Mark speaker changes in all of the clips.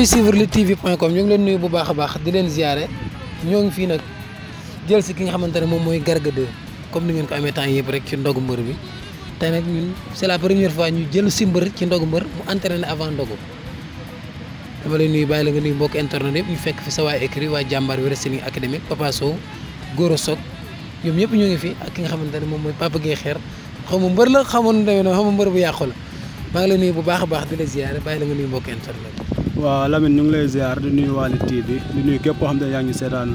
Speaker 1: koy suivre Lutte TV point com ñu ngi leen nuyu bu baax ñoo ngi fii nag jël si ki nga xamante ne moom mooy Garga comme ni ngeen ko amee temps yëpp rek ci ndogu mbër bi nag ñun c'est la première fois ñu jël si mbër ci ndogu mbër mu entraîné avant ndogu dama lay nuyu bàyyi la nga nuyu mbokk internet yëpp ñu fekk fi sa waa écrit waa jàmbaar Wrestling Academy Papa Sow Goro Sock ñoom ñëpp ñoo ngi fi ak ki nga xamante ne moom mooy Papa Gueye Xeer xaw ma mbër la xamoon demee na xaw ma mbër bu yàqu la maa ngi lay nuyu bu baax baax di la ziare bàyyi la nga nuyu mbokk internet
Speaker 2: waaw Lamine ñu ngi lay ziar di nuyu waa Lutte TV di nuyu képp koo xam ne yaa ngi seetaan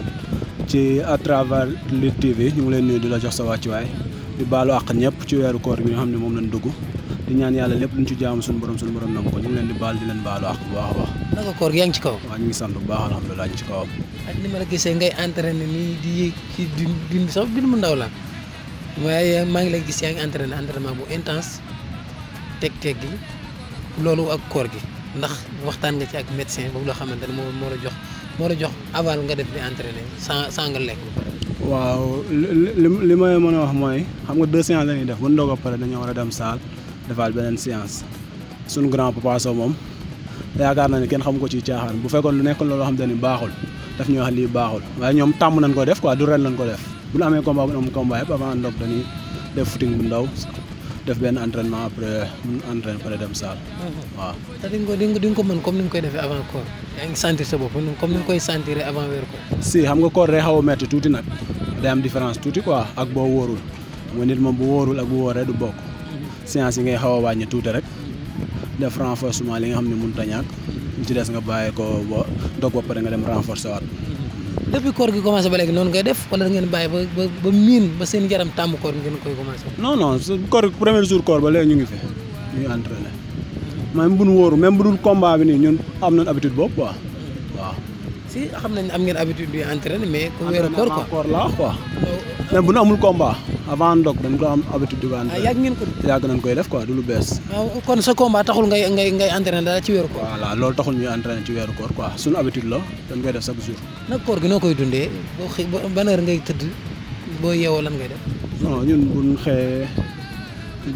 Speaker 2: ci à travers Lutte TV ñu ngi leen nuyu di la jox sa wàccuwaay di baalu àq ñëpp ci weeru koor bi nga xam ne moom lañ dugg di ñaan yàlla lépp luñ ci jaamu suñu borom suñu borom nangu ko ñu ngi leen di baal di leen baalu àq bu baax a
Speaker 1: baax. gi yaa kaw. waaw ñu ngi sant bu baax alhamdulilah ñu ci kawam. ak ma la gisee ngay entraîné nii di yéeg ci di di sax bi mu ndaw la waaye maa ngi lay gis yaa ngi entraîné entraînement bu intense teg teg gi loolu ak koor gi ndax waxtaan nga ci ak médecin boobu loo xamante ne moo moo la jox moo la jox avant nga def di entraîné sans sans nga lekk.
Speaker 2: waaw li li may mën a wax mooy xam nga deux séances la ñuy def bu ñu doog a pare dañoo war a dem saal defaat beneen séance suñu grand papa Sow moom yaakaar naa ne kenn xam ko ci caaxaan bu fekkoon lu nekk loolu xam te ni baaxul daf ñuy wax lii baaxul waaye ñoom tàmm nañ ko def quoi du ren lañ ko def bu ñu amee combat bu ñu am combat yëpp avant ndox dañuy ndaw. def benn entraînement après mun entraîné après dem salle.
Speaker 1: Mhm. waaw. te di nga ko di ko mën comme ni nga koy defee avant koor yaa ngi sentir sa bopp comme ni nga koy sentir avant weer ko.
Speaker 2: si xam nga koor day xaw a métti tuuti nag day am différence tuuti quoi ak boo wóorul xam nga nit moom bu woorul ak bu wóoree du bokk. Mhm. séance yi ngay xaw a wàññi tuuti rek def renforcement li nga xam ne mënut a ñàkk ci des nga bàyyi ko ba dog ba pare nga dem renforcer waat. Mhm.
Speaker 1: depuis koor gi commencé ba léegi noonu ngay def wala da ngeen bàyyi ba miin ba seen yaram tàmm koor ngeen koy commencé.
Speaker 2: non non koor premier jour koor ba ngi ngi entraîné même bu nu wóoru même bu dul combat bi nii ñun am nañ habitude boobu quoi
Speaker 1: waaw. si xam nañ am ngeen habitude yu entraîné mais. ku weeru koor quoi koor la quoi.
Speaker 2: bu nu amul combat. avant ndog dañ ko am habitude di ko entraîné. Ah, yàgg nañ koy def ko du lu bees.
Speaker 1: Ah, kon sa combat taxul ngay ngay ngay entraîné dara ci weeru koor.
Speaker 2: voilà loolu taxul ñuy entraîné ci weeru koor quoi suñu habitude la dañ koy def sa jour. nag koor gi noo koy dundee
Speaker 1: boo xëy ban heure ngay tëdd boo yeewoo lan ngay def.
Speaker 2: non ñun buñ xëyee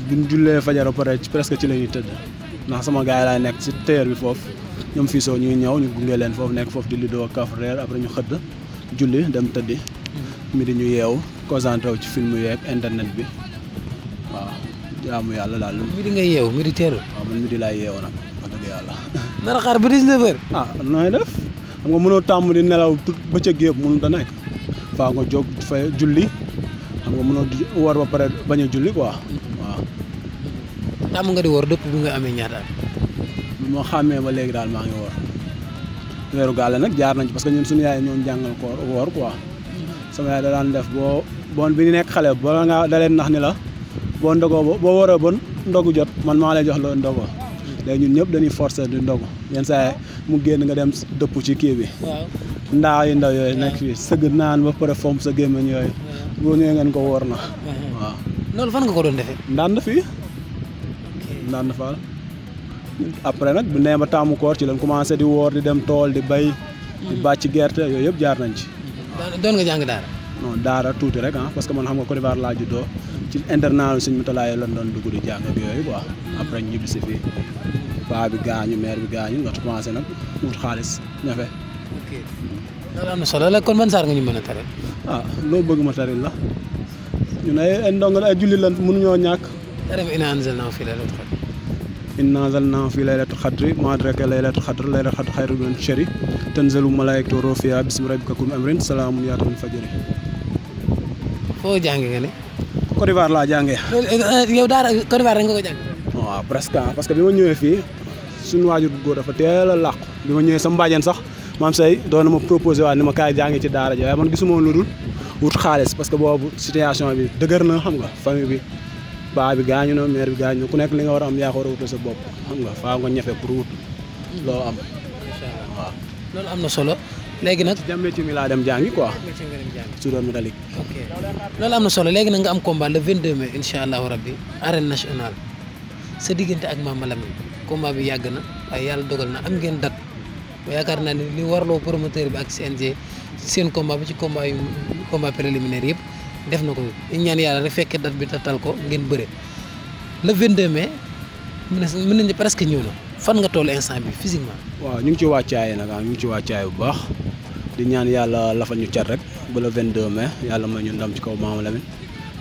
Speaker 2: buñ jullee fajar ba pare presque ci la ñuy tëdd ndax sama gars yi nekk ci teer foofu ñoom fii soo ñuy ñëw ñu gunge leen foofu nekk foofu di lido kaf reer après ñu xëdd julli dem tëddi mi di ñu yeewu concentré ci film yeeg internet bi waaw jaamu yàlla daal. mi di nga
Speaker 1: yeewu mi di teel.
Speaker 2: waaw man mi di laay yeewu nag wax ba 19h. ah nooy nga mënoo tàmm di nelaw tout bëccëg yëpp mënut faa nga jóg nga mënoo war ba pare bañ a julli quoi
Speaker 1: nga di wor dëpp bi nga amee ñaata at.
Speaker 2: moo xàmmee ba léegi daal maa ngi wor weeru gaale nag jaar nañ ci parce que ñun suñu yaay ñoom jàngal koor woor sama yaay da daan def boo bon bi ñu nekk xale bala ngaa da leen nax ni la boo ndogoo boo war a bon ndogu jot man maa lay jox loo ndogo léegi ñun ñëpp dañuy forcer di ndogu yenn saa mu génn nga dem dëpp ci kii bi ndaa yu ndaw yooyu nekk fii sëgg naan ba pare fomp sa gémmañ yooyu boo ñëwee ngeen ko wóor na waaw loolu fan nga ko doon defee ndand fii ndand faal après nag bu nee ba tàmmu koor ci lañ commencé di woor di dem tool di bay di mm-hmm. bàcc gerte yooyu yëpp jaar nañ ci doon nga jàng daara. non daara tuuti rek ah parce que man xam nga Côte d'Ivoire laa juddoo ci internat suñ mu talaayee lan doon dugg di jàng ak yooyu quoi après ñu ñibbi si fii paa bi gaañu mère bi gaañu nga commencé nag xaalis
Speaker 1: ñafe. ok loolu am na solo la kon ban saar nga ñu mën a tare. ah loo la ñu ne ay julli lan mënuñoo ñàkk. dara inna anzalnahu
Speaker 2: fi laylatul qadri ma adraka laylatul qadr laylatul qadr xayru min shari tanzalu malaikatu ruuhu fiha bismi rabbika kulli amrin salaamun laa jànge
Speaker 1: yow daara Côte d'Ivoire
Speaker 2: rek ah, parce que bi ma ñëwee fii suñu waajur góor dafa teel a làqu bi ma ñëwee sama mbaajeen sax maam say doon na ma proposé waa ni ma kaay jàngi ci daara ji waaye man gisuma woon lu dul wut xaalis parce que boobu situation bi dëgër naa xam nga famille bi baa bi gaañu na maire bi gaañu na ku nekk li nga war a am yaa ko war a wutal sa bopp xam nga faa
Speaker 1: nga ñafe pour wut loo am. waaw loolu am na solo. léegi nag dem métier mi dem jàngi quoi. métier mi dem am na solo léegi nag nga am combat le 22 mai incha allahu rabbi arène nationale sa diggante ak Mama Lamine combat bi yàgg na waaye yàlla dogal na am ngeen date ba yaakaar naa ni li warloo promoteur bi ak CNG seen combat bi ci combat yu combat préliminaire yëpp. def na ko ñu ñaan yàlla rek fekkee date bi tatal ko ngeen bëre le 22 mai mën nañu mën presque ñëw na fan nga toll instant bi physiquement.
Speaker 2: waaw ñu ngi ci wàccaay nag am ah, ñu ngi ci wàccaay bu baax di ñaan yàlla lafal ñu cat rek ba le 22 mai yàlla may ñu ndam ci kaw Maama Lamine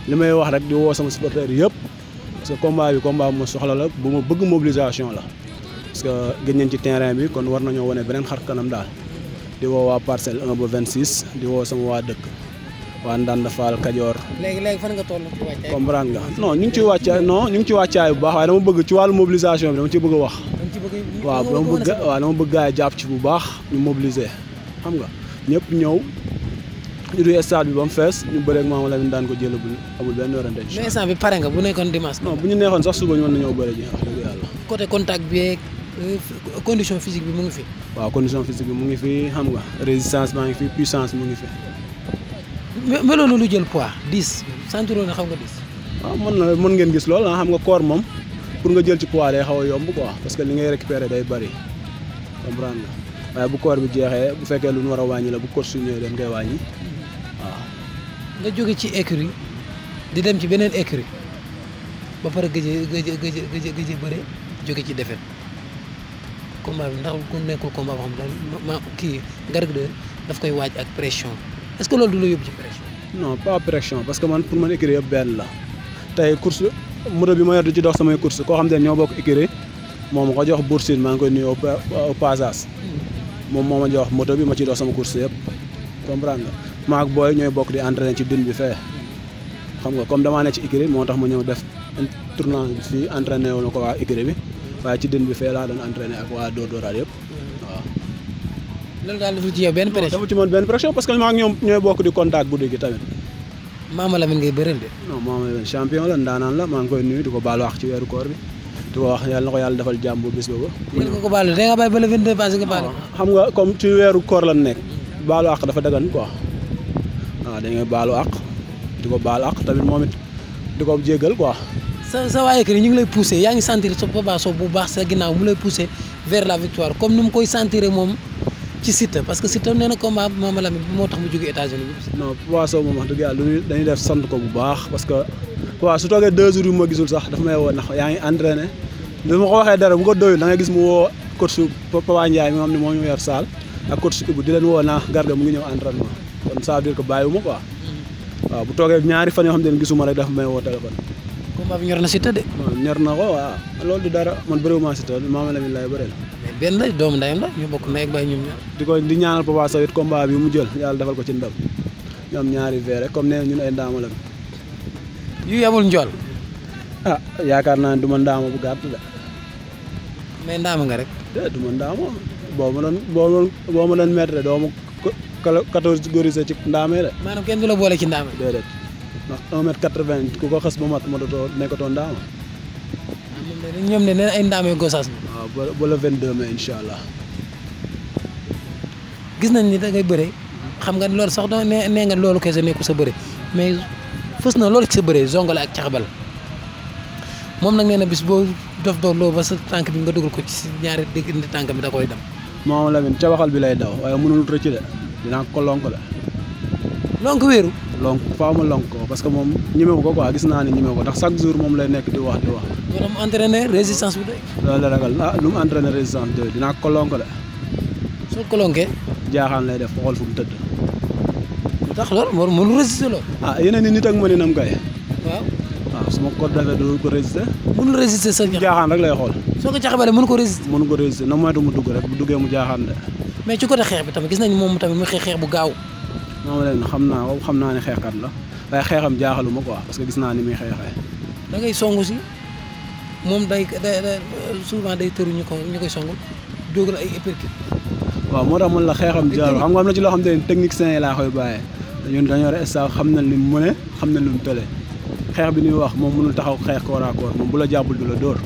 Speaker 2: li may wax rek di woo sama supporteur yëpp parce que combat bi combat bu ma soxla la bu ma bëgg mobilisation la parce que ci terrain bi kon war nañoo wane beneen xar kanam daal di woo waa parcelle 1 ba 26 di woo sama waa dëkk. waa Ndanda Fall Kajoor.
Speaker 1: léegi léegi fan nga toll ci wàccaay.
Speaker 2: ñu ngi ciy wàccaay non ñu ngi ci wàccaay bu baax waaye dama bëgg ci wàllu mobilisation bi dama ci bëgg a wax.
Speaker 1: waaw dama bëgg
Speaker 2: waaw dama jàpp ci bu baax ñu mobiliser xam nga ñëpp ñëw. ñu duy stade bi ba fees ñu bëreeg Mama Lamine daan ko jël bu amul benn werante
Speaker 1: mais instant bi pare nga bu ñu
Speaker 2: neexoon sax suba ñu mën nañoo bëre ji wax dëgg
Speaker 1: yàlla. contact bi ak euh, condition physique bi mu ngi fi.
Speaker 2: waaw condition physique bi mu ngi fi xam nga résistance baa ngi fi puissance mu ngi fi.
Speaker 1: melo na lu jël poids diis sentiroo na xaw nga diis.
Speaker 2: waaw ah, mën na mën ngeen gis loolu ah, xam nga koor moom pour nga jël ci poids day xaw a yomb ko parce que li ngay récupérer day bari comprendre nga waaye bu koor bi jeexee bu fekkee lu ñu war a wàññi la bu koor su ñëwee dañ koy wàññi
Speaker 1: nga jóge ci écurie di dem ci beneen écurie ba pare gëj gëj gëj gëj gëj jóge ci defet combat bi ndax ku nekkul combat boo xam ne kii Garga 2 daf koy waaj ak pression.
Speaker 2: est-ce que loolu du la yóbbu ci pression. non pas pression parce que man pour man écurie yëpp benn la tey course moto bi ma yor du ci dox samay course koo xam ne ñoo bokk écurie moom ma ko jox Bour Sine maa ngi koy nuyu au moom moo ma jox moto bi ma ciy dox sama course yëpp comprendre nga maa ak booy ñooy bokk di entraîner ci dune bi fee xam nga comme damaa ne ci écurie moo tax ma ñëw def tournant fii entraîner wu na ko waa écurie bi waaye ci dune bi fee laa doon entraîner ak waa Dóor Dóoraat yëpp.
Speaker 1: loolu daal dafa ci yow benn pression.
Speaker 2: dafa ci man maa ngi ñoom ñooy bokk di contact guddi gi tamit. Mama Lamine de. non Mama Lamine champion la ndaanaan la maa ngi koy nuyu di ko baal wax ci di ko wax baal
Speaker 1: da nga ba le 22 passé nga baal
Speaker 2: xam nga comme ci àq ah, ko baalu tamit moom it di ko jéggal quoi.
Speaker 1: sa sa waaye que ñu ngi lay poussé yaa ngi sentir sa Papa Sow bu baax sa ginnaaw mu lay poussé vers la victoire comme ni mu koy sentir moom ci Siteu parce que Siteu nee na combat bi Mama Lamine bi moo tax mu jóge États-Unis
Speaker 2: bi. non Papa Sow moom wax dëgg yàlla lu dañuy def sant ko bu baax parce que waaw su toogee deux jours yu ma gisul sax dafa may woo ndax yaa ngi entraîné li ma ko waxee dara bu ko doyul da ngay gis mu woo coach woo naa Garga mu ngi ñëw entraînement kon ça veut dire que bàyyiwu mm. waaw bu toogee ñaari fan yoo xam ne gisuma rek dafa may woo téléphone. combat bi ñor na Siteu de. waaw ñor na ko waaw loolu du dara man bëriwuma Siteu Mama Lamine laay bëreel
Speaker 1: benn la doomu ndeyam la ñu bokk ndey ak baay ñoom ñaar. di
Speaker 2: ko di ñaanal Papa Sow it combat bi mu jël yàlla defal ko ci ndam ñoom ñaari veer rek comme nee ñun ay ndaama la. yu yamul njool. ah yaakaar naa ne du ma ndaama bu gàtt la. mais ndaama nga rek. eh du ma ndaama boo ma doon boo ma doon boo ma doon mettre doo ma kala quatorze gorisé ci ndaamee de. maanaam kenn du la boole ci ndaama. déedéet ndax 1 mètre 80 ku ko xas ba mat ma dootoo nekkatoo ndaama. Ah, ñoom de nee na ay ndaamee gosaas bi. ba le 22 mai incha allah.
Speaker 1: gis nañ ni dangay bëre xam nga loolu sax doo nee nee nga loolu kese nekku sa bëre mais fës na loolu ci sa bëre zongale ak caxabal moom nag nee na bis boo dof dof loo ba sa tànk bi nga dugal ko ci ñaari diggante tànk bi da koy dem.
Speaker 2: moom Lamine cabaxal bi lay daw waaye mënul rëcc de dinaa ko lonk de. lonk wéeru lonk faaw ma lonk ko parce que moom ñemewu ko quoi gis naa ne ñemewu ko ndax chaque jour moom lay nekk di wax di wax.
Speaker 1: loolu mu entraîné mu
Speaker 2: entraîné résistance bi ah, dinaa ko lonk de. su jaaxaan lay def xool fu mu tëdd. tax loolu war mënu résister loolu. ah yeneen i nit ak mëninam kay. waaw. waaw ah, su ma ko ko résister. mënul résister sa ñax jaaxaan rek lay xool. ko jaxabalee mënu ko résister. mënu ko résister na moytu mu jaaxaan de.
Speaker 1: mais ci côté xeex bi tamit gis nañ moom tamit mu xeex xeex bu gaaw.
Speaker 2: moom leen xam naa ko xam naa ne xeexkat la waaye xeexam jaaxaluma ko parce que gis naa ni muy xeexee.
Speaker 1: da ngay songu si moom day souvent day tëru ñu ko ñu koy songul dóogal ay uppercut.
Speaker 2: waaw moo tax man la xeexam jaaxal xam nga am na ci loo xam te ne technicien yi laa koy bàyyee ñun dañoo re staff xam nañ ni mu ne xam nañ lu mu tële xeex bi ñuy wax moom mënul taxaw xeex koor à koor moom bu la jàppul du la dóor.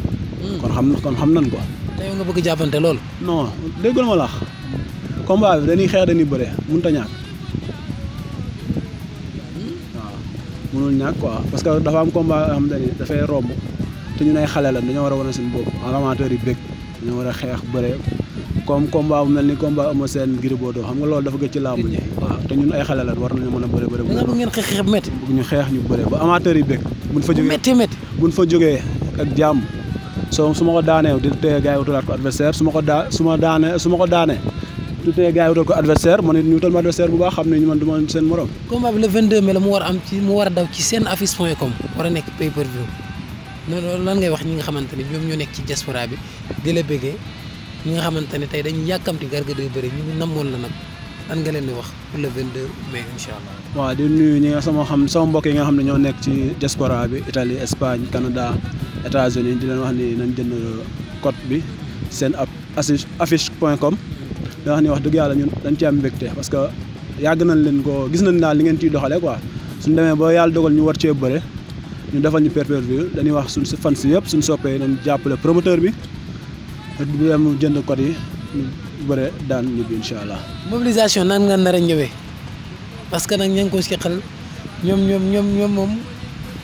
Speaker 2: Hmm. kon xam na kon xam nañ ko. te nga bëgg jàppante lool. non déggul ma la combat bi dañuy xeex dañuy bëre mënut mënul ñàkk quoi parce que dafa am combat yoo xamante ni dafay ñu nay xale war a wane suñu bopp amateur yi bëgg dañoo war a xeex bëre comme combat bu mel ni combat ama seen Gris Bordeaux xam nga loolu dafa gëj ci te ñun ay xale war nañu mën a bëre bëre bu ngeen xeex xeex bu métti bu ñu xeex ñu bëre ba amateur yi bëgg fa jógee ak jàmm soo su ma ko daanee di teye gars yi wutalaat ko adversaire su ma ko daa su daanee su ma ko daanee du tee gars yi wutal ko adversaire man it ñu wutal ma adversaire
Speaker 1: bu baax xam ne ñu ma seen a am seen affiche point com ñi nga xamante ne ñoom ñoo nekk ci diaspora bi di la bëggee ñi nga xamante ne tey dañuy yàkkamti Garga day bëri ñu namoon la leen di wax pour le 22 mai incha allah.
Speaker 2: waaw di nuyu ñi nga sama xam sama mbokk yi nga xam ne ñoo nekk ci diaspora bi Italie Espagne Canada États-Unis di leen wax ni nañ jënd code bi seen affiche affiche point com. da wax ni wax dëgg yàlla ñun dañ ci am mbégte parce que yàgg nañ leen ko gis nañ daal li ngeen ciy doxale quoi suñ demee ba yàlla dogal ñu war cee bëre ñu defal ñu perpervue dañuy wax suñ fan si yëpp suñ soppee nañ jàppale promoteur bi du dem jënd code yi ñu bëre daan incha allah.
Speaker 1: mobilisation nan nga nar ñëwee parce que nag ña ngi ko seqal ñoom ñoom ñoom ñoom moom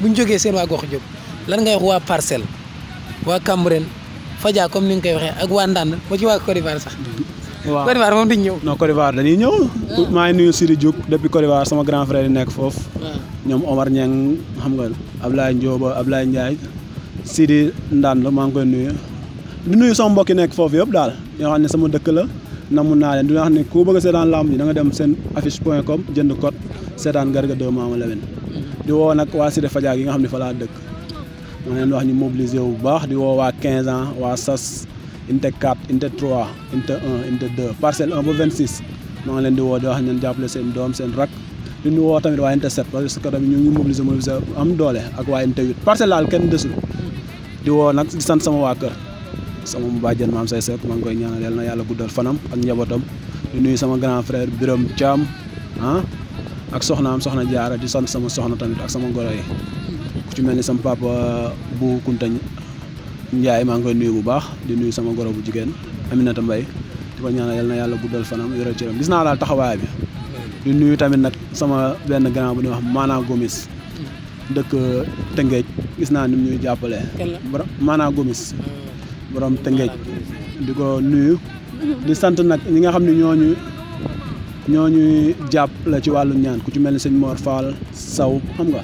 Speaker 1: bu jógee seen waa gox jóg lan ngay wax waa parcelle waa Cambérène Fadia comme ni nga koy waxee ak waa Ndande ba ci waa Côte d'Ivoire sax.
Speaker 2: waaw Côte d'Ivoire moom duñ ñëw. dañuy ñëw. Ah. maa ngi nuyu Siri Diouk depuis Côte d'Ivoire sama grand frère yi nekk foofu. Ah. ñoom Omar Niang xam nga ab Ablaye Ndioba Ablaye Ndiaye Sidi Ndand maa ngi koy nuyu. di nuyu sama mbokk yi nekk foofu yëpp daal ñoo xam ne sama dëkk la namu naa leen di wax ne ku bëgg a seetaan lamb ji da nga dem seen affiche point comme jënd code seetaan Garga 2 Mama Lamine. Mm-hmm. di woo nag waa Cité Fadia yi nga xam ne fa laa dëkk. ma leen wax ñu mobiliser wu bu baax di woo waa 15 ans waa sas unité 4 unité 3 unité 1 unité 2 parcelle 1 ba 26 maa ngi leen di woo di wax ngeen jàppale seen doom seen rak li ñu woo tamit waa unité 7 parce doole ak waa unité 8 parcelle laal kenn desul di woo nag di sant sama waa kër sama bàjjen maam say sekk maa ngi koy ñaanal yal na yàlla guddal fanam ak njabootam di nuyu sama grand frère Birame Thiam ah ak soxnaam soxna jaara di sant sama soxna tamit ak sama goro ku ci mel ni sama papa bu Kuntañ Ndiaye maa ngi koy nuyu bu baax di nuyu sama goro bu jigéen Aminata Mbaye di ko ñaanal yal na yàlla guddal fanam yore cëram gis naa daal taxawaay tamit nag sama benn grand bu ñuy wax Maana Gomis dëkk Tëngéej gis naa ni ñuy jàppale maanaa Gomis ah. boroom Tëngéej di ko nuyu di sant nag ñi nga xam ni ñoo ñooñuy jàpp la ci wàllu ñaan ku ci mel ni sëñ Mor Fall Saw xam nga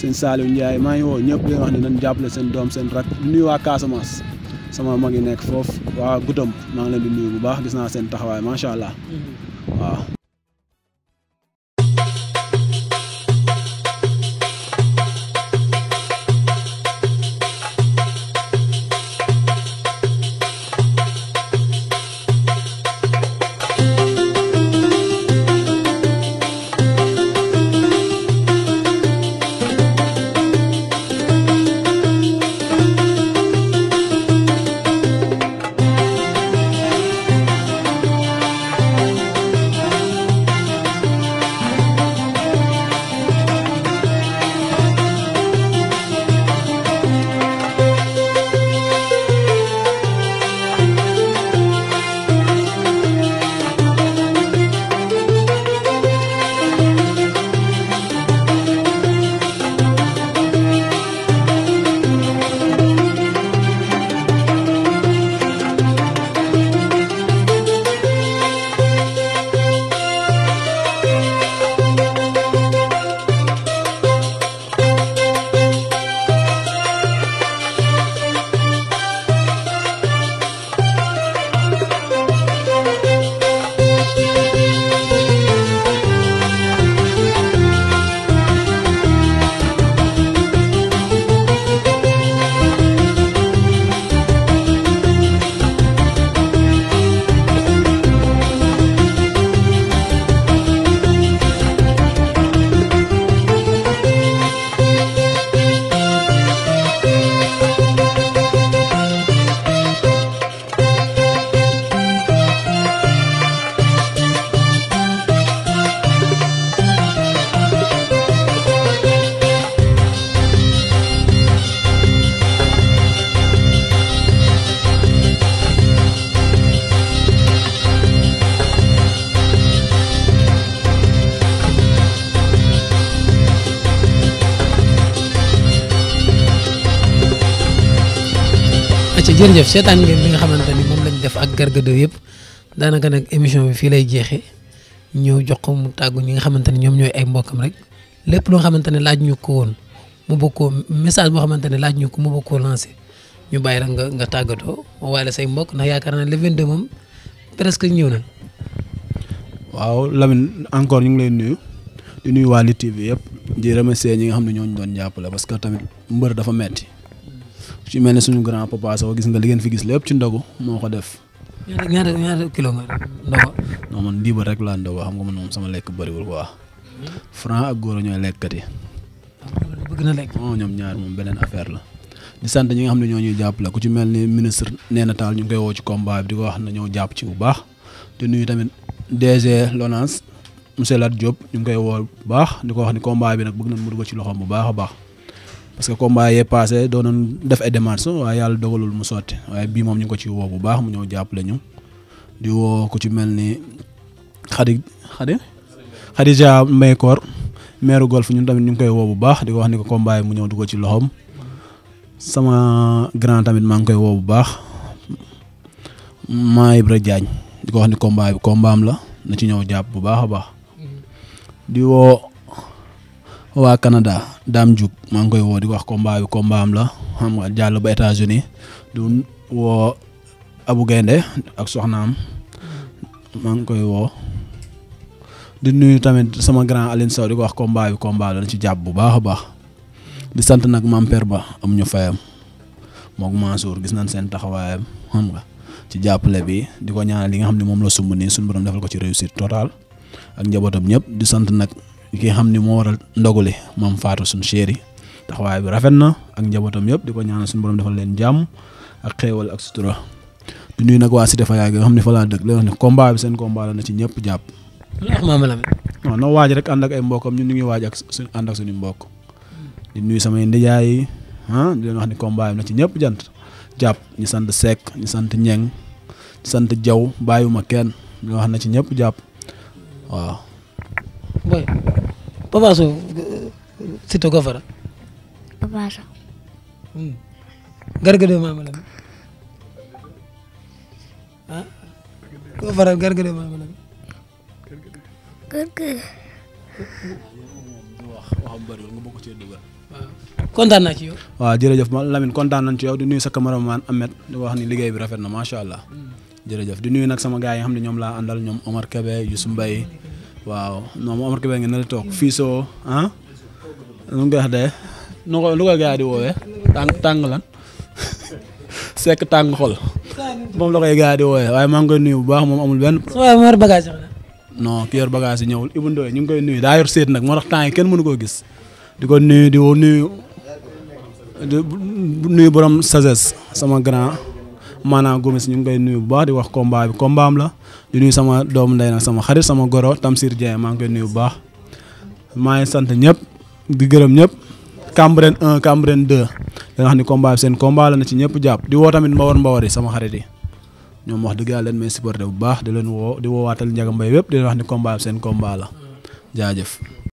Speaker 2: sëñ Saliou Ndiaye maa ngi woo ñëpp di wax ne nañ jàppale seen doom seen rak di nuyu waa Casamance sama mag yi nekk foofu waa Goudomp maa ngi leen di nuyu bu baax gis naa seen taxawaay macha allah mm-hmm. waaw.
Speaker 1: jërëjëf seetaan ngeen li nga xamante ni moom lañ def ak Garga 2 yëpp daanaka nag émission bi fii lay jeexee ñëw jox ko mu tàgg ñi nga xamante ne ñoom ñooy ay mbokkam rek lépp loo xamante ne laaj ñu ko woon mu bokkoo message boo xamante ne laaj ñu ko mu bokkoo lancé ñu bàyyi rek nga nga tàggatoo waale say mbokk ndax yaakaar naa le 22 moom presque ñëw na.
Speaker 2: waaw Lamine encore ñu ngi lay nuyu di nuyu waa Lutte TV yëpp di remercier ñi nga xam ne ñooñu doon jàppale parce que tamit mbër dafa metti ci mel ne suñu grand papa Sow gis nga li ngeen fi gis lépp ci ndogu moo ko def. ñaata kilo nga ndogu. non ndiibal rek laa ndogu xam nga man sama lekk bariwul quoi. franc ak góor ñooy lekkat yi. bëgg lekk. non ñoom ñaar moom beneen affaire la. di sant ñi nga xam ne ñoo ñuy jàppale ku ci mel ni ministre Néné Tall ñu ngi koy woo ci combat bi di ko wax na ñoo jàpp ci bu baax nu nuyu tamit DG Lonase monsieur Lat Diop ñu ngi koy woo baax di ko wax ni combat bi nag bëgg na mu dugg ci loxoom bu baax a baax. parce que combat yee passé doonoon def ay démarches waaye yàlla dogalul mu sotti waaye bii moom ñu ngi ko ci woo bu baax mu ñëw jàpp ñu di woo ku ci mel ni xadi xadi Xadija Maykoor maire golf ñun tamit ñu ngi koy woo bu baax di ko wax ni ko combat yi mu ñëw ko ci loxom sama grand tamit maa ngi koy woo bu baax maa Ibra jaañ di ko wax ni combat bi combat am la na ci ñëw jàpp bu baax a baax mm-hmm. di woo waa Canada Dame Diouf maa ngi koy woo di wax combat bi combat am la xam nga jàll ba États-Unis du Gaynde ak soxnaam maa ngi koy woo di nuyu tamit sama grand Aline Sow di ko wax combat bi la ci jàpp bu baax a baax di sant nag maam Père Ba am ñu fayam moog Mansour gis nañ seen taxawaayam xam nga ci jàppale bi di ko ñaanal li nga xam ne moom la sumb nii suñu borom defal ko ci réussir totale ak njabootam ñëpp di sant nag. di ki xam ni moo waral ndoguli maam Fatou suñu chéri taxawaay bi rafet na ak njabootam yëpp di ko ñaanal suñu borom defal leen jàmm ak xéewal ak sutura di nuyu nag waa Cité Fadia gi nga xam ne fa laa dëkk léegi nag combat bi seen combat la na ci ñëpp jàpp. waaw na waaj rek ànd ak ay mbokkam ñun ñu ngi waaj ak suñu ànd ak di nuyu samay ndijaay yi ah di leen wax ni combat bi na ci ñëpp jànt jàpp ñu sant Seck ñu sant Ñeng ñu sant Jaw bàyyiwuma kenn di wax na ci ñëpp jàpp waaw.
Speaker 1: Papa Sow Siteu ko fara. Papa Sow. Hmm. Garga 2 Mama Lamine ah koo faral Garga 2 Mama Lamine.
Speaker 3: Garga.
Speaker 2: Ah. kontaan naa ci yow. waaw jërëjëf ma Lamine kontaan ci yow di nuyu sa cameraman Ahmed di wax ni liggéey bi rafet na macha allah. Hmm. jërëjëf di nuyu nag sama gaa yi xam ne ñoom laa àndal ñoom Omar Kébé Youssou Mbaye waaw non moom Omar na toog fii soo ah koy wax de lu ko gars yi di woowee tàng tàng lan sekk tàng xol moom la koy gars yi di woowee waaye maa ngi koy nuyu bu baax moom amul benn. su ma yor bagage non ki yor bagage ñëwul Ibou Ndoye ñu ngi koy nuyu daa yor seet nag moo tax temps yi kenn mënu koo gis di ko nuyu di nuyu di nuyu borom sagesse sama grand maanaam Gomis ñu ngi koy nuyu bu baax di wax combat bi combat am la. di nuyu sama doomu ndey nag sama xarit sama goro Tamsir Dieng maa ngi koy nuyu bu baax maa ngi sant ñëpp di gërëm ñëpp Cambérène 1 Cambérène 2 da nga xam ni combat bi seen combat la na ci ñëpp jàpp di woo tamit mbawar mbawar yi sama xarit yi ñoom wax dëgg yàlla leen may supporté bu baax di leen woo di woowaatal Ndiaga Mbaye wépp di leen wax ni combat bi seen combaala la jaajëf